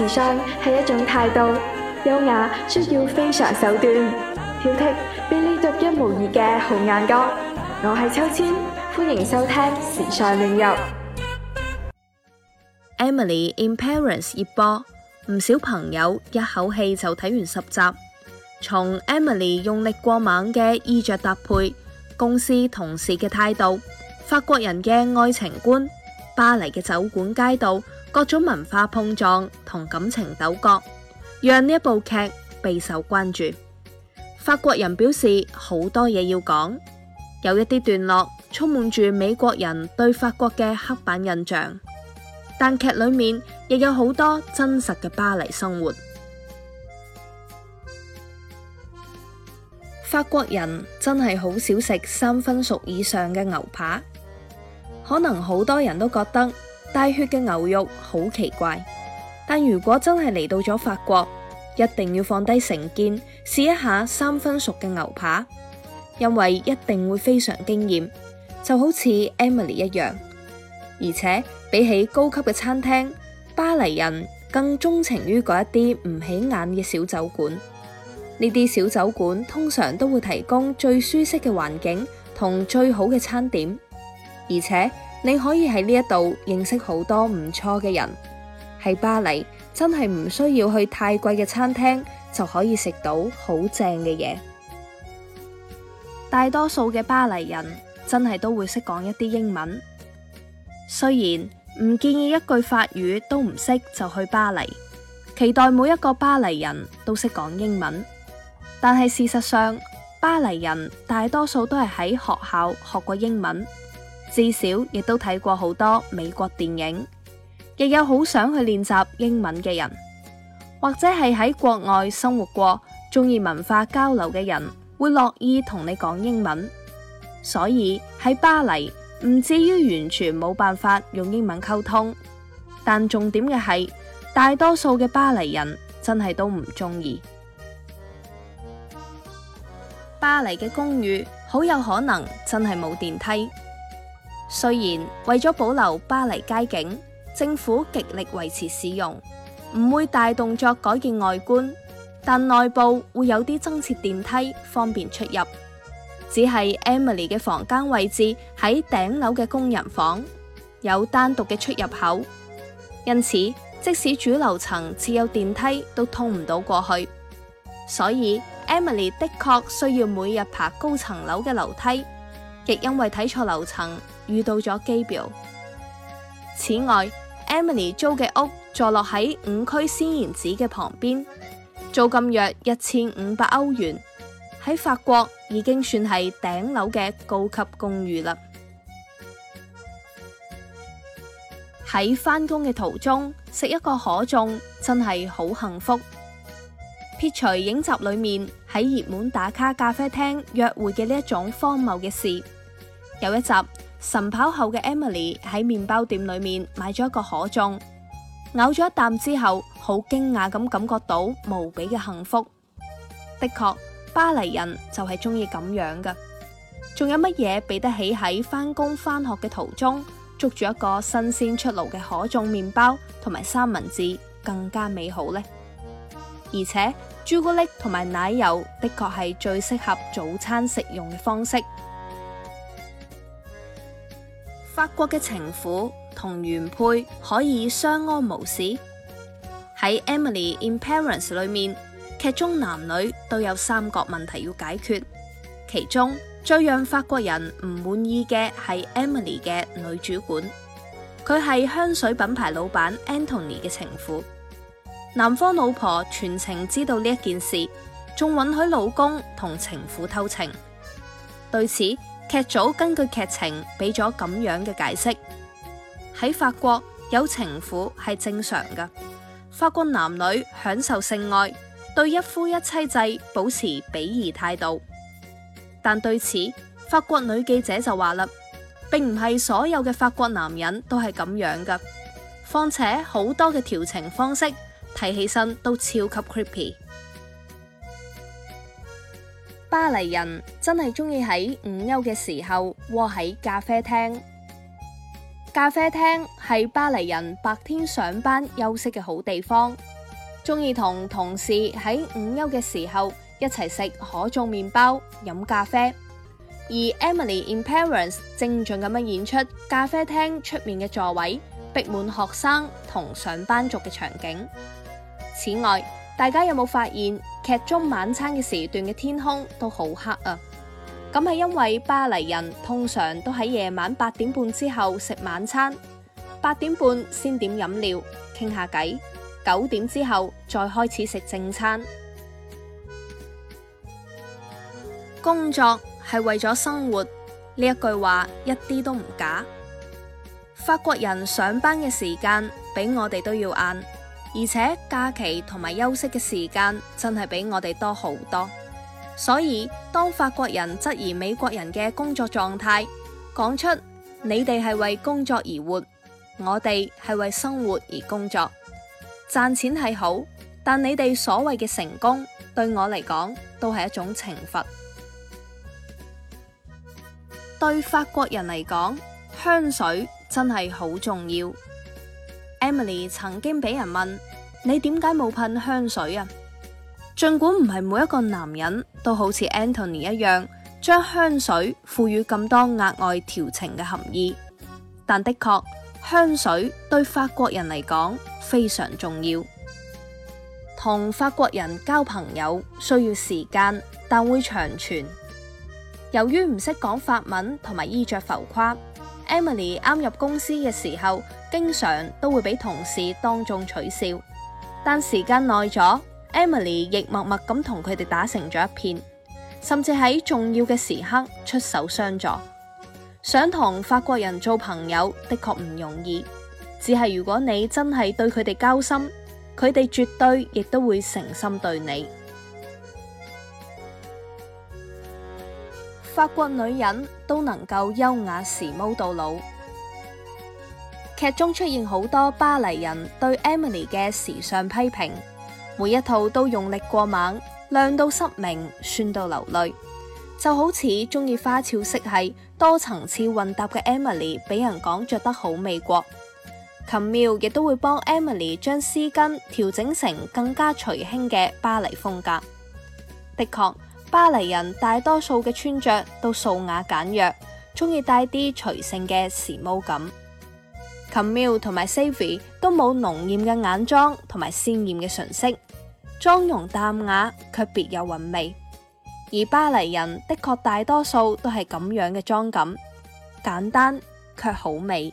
時尚係一種態度，優雅需要非常手段，挑剔，俾你獨一無二嘅好眼光。我係秋千，歡迎收聽時尚亂入。Emily in Paris 熱播，唔少朋友一口氣就睇完十集。從 Emily 用力過猛嘅衣着搭配，公司同事嘅態度，法國人嘅愛情觀，巴黎嘅酒館街道。各種文化碰撞同感情糾葛，讓呢一部劇備受關注。法國人表示好多嘢要講，有一啲段落充滿住美國人對法國嘅刻板印象，但劇裏面亦有好多真實嘅巴黎生活。法國人真係好少食三分熟以上嘅牛扒，可能好多人都覺得。帶血嘅牛肉好奇怪，但如果真係嚟到咗法國，一定要放低成見，試一下三分熟嘅牛扒，因為一定會非常驚艷，就好似 Emily 一樣。而且比起高級嘅餐廳，巴黎人更鍾情於嗰一啲唔起眼嘅小酒館。呢啲小酒館通常都會提供最舒適嘅環境同最好嘅餐點，而且。你可以喺呢一度認識好多唔錯嘅人。喺巴黎，真係唔需要去太貴嘅餐廳，就可以食到好正嘅嘢。大多數嘅巴黎人真係都會識講一啲英文。雖然唔建議一句法語都唔識就去巴黎，期待每一個巴黎人都識講英文。但係事實上，巴黎人大多數都係喺學校學過英文。至少亦都睇過好多美國電影，亦有好想去練習英文嘅人，或者係喺國外生活過、中意文化交流嘅人，會樂意同你講英文。所以喺巴黎唔至於完全冇辦法用英文溝通，但重點嘅係，大多數嘅巴黎人真係都唔中意。巴黎嘅公寓好有可能真係冇電梯。雖然為咗保留巴黎街景，政府極力維持使用，唔會大動作改建外觀，但內部會有啲增設電梯，方便出入。只係 Emily 嘅房間位置喺頂樓嘅工人房，有單獨嘅出入口，因此即使主樓層設有電梯，都通唔到過去。所以 Emily 的確需要每日爬高層樓嘅樓梯。亦因為睇錯樓層，遇到咗 Gabriel。此外，Emily 租嘅屋坐落喺五區先賢祠嘅旁邊，租金約一千五百歐元，喺法國已經算係頂樓嘅高級公寓啦。喺翻工嘅途中食一個可頌，真係好幸福。撇除影集裏面，喺熱門打卡咖啡廳約會嘅呢一種荒謬嘅事。有一集晨跑後嘅 Emily 喺麵包店裏面買咗一個可頌，咬咗一啖之後，好驚訝咁感覺到無比嘅幸福。的確，巴黎人就係中意咁樣㗎。仲有乜嘢比得起喺返工返學嘅途中捉住一個新鮮出爐嘅可頌麵包同埋三文治更加美好呢？而且。朱古力同埋奶油的確係最適合早餐食用嘅方式。法國嘅情婦同原配可以相安無事。喺《Emily in Paris》裏面，劇中男女都有三角問題要解決，其中最讓法國人唔滿意嘅係 Emily 嘅女主管，佢係香水品牌老闆 Antonie 嘅情婦。男方老婆全程知道呢一件事，仲允許老公同情婦偷情。對此，劇組根據劇情俾咗咁樣嘅解釋：喺法國有情婦係正常噶，法國男女享受性愛，對一夫一妻制保持鄙夷態度。但對此，法國女記者就話啦，並唔係所有嘅法國男人都係咁樣噶，況且好多嘅調情方式。睇起身都超級 creepy。巴黎人真係中意喺午休嘅時候窩喺咖啡廳。咖啡廳係巴黎人白天上班休息嘅好地方，中意同同事喺午休嘅時候一齊食可頌麵包、飲咖啡。而 Emily in Paris 正正噉樣演出，咖啡廳出面嘅座位逼滿學生同上班族嘅場景。此外，大家有冇發現劇中晚餐嘅時段嘅天空都好黑啊？咁係因為巴黎人通常都喺夜晚八點半之後食晚餐，八點半先點飲料，傾下偈，九點之後再開始食正餐。工作係為咗生活，呢一句話一啲都唔假。法國人上班嘅時間比我哋都要晏。而且假期同埋休息嘅時間真係比我哋多好多，所以當法國人質疑美國人嘅工作狀態，講出你哋係為工作而活，我哋係為生活而工作，賺錢係好，但你哋所謂嘅成功對我嚟講都係一種懲罰。對法國人嚟講，香水真係好重要。Emily 曾經俾人問：你點解冇噴香水啊？儘管唔係每一個男人都好似 Antonie 一樣，將香水賦予咁多額外調情嘅含義，但的確香水對法國人嚟講非常重要。同法國人交朋友需要時間，但會長存。由於唔識講法文同埋衣着浮誇。Emily 啱入公司嘅時候，經常都會俾同事當眾取笑。但時間耐咗，Emily 亦默默咁同佢哋打成咗一片，甚至喺重要嘅時刻出手相助。想同法國人做朋友的確唔容易，只係如果你真係對佢哋交心，佢哋絕對亦都會誠心對你。法國女人都能夠優雅時髦到老。劇中出現好多巴黎人對 Emily 嘅時尚批評，每一套都用力過猛，亮到失明，酸到流淚。就好似中意花俏色系多層次混搭嘅 Emily，俾人講着得好美國。Camille 亦都會幫 Emily 將絲巾調整成更加隨興嘅巴黎風格。的確。巴黎人大多數嘅穿着都素雅簡約，中意帶啲隨性嘅時髦感。Camille 同埋 Sylvie 都冇濃豔嘅眼妝同埋鮮豔嘅唇色，妝容淡雅卻別有韻味。而巴黎人，的確大多數都係咁樣嘅妝感，簡單卻好美。